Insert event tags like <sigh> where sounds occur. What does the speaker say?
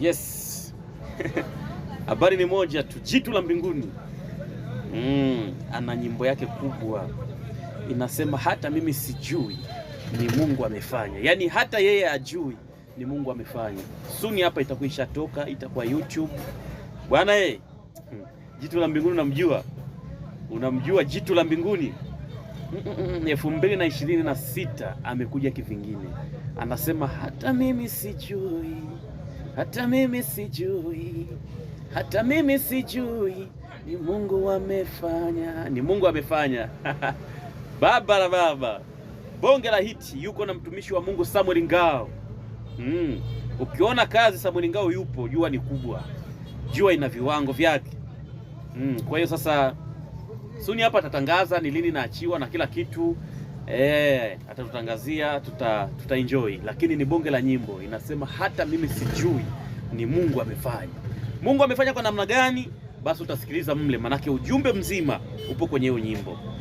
Yes, <laughs> habari ni moja tu, jitu la mbinguni. Mm, ana nyimbo yake kubwa inasema, hata mimi sijui ni Mungu amefanya. Yaani hata yeye ajui ni Mungu amefanya. Suni hapa itakuwa ishatoka, itakuwa YouTube bwana. eh. jitu la mbinguni, unamjua? Unamjua jitu la mbinguni? elfu mbili na ishirini na sita amekuja kivingine, anasema hata mimi sijui hata mimi sijui, hata mimi sijui, ni Mungu amefanya, ni Mungu amefanya. <laughs> baba la baba, bonge la hiti, yuko na mtumishi wa Mungu Samuel Ngao. Mm. Ukiona kazi Samuel Ngao yupo, jua ni kubwa, jua ina viwango vyake. Mm. Kwa hiyo sasa suni hapa atatangaza ni lini naachiwa na kila kitu. Eh, hata atatutangazia tuta, tuta enjoy, lakini ni bonge la nyimbo inasema hata mimi sijui ni Mungu amefanya. Mungu amefanya kwa namna gani? Basi utasikiliza mle, manake ujumbe mzima upo kwenye hiyo nyimbo.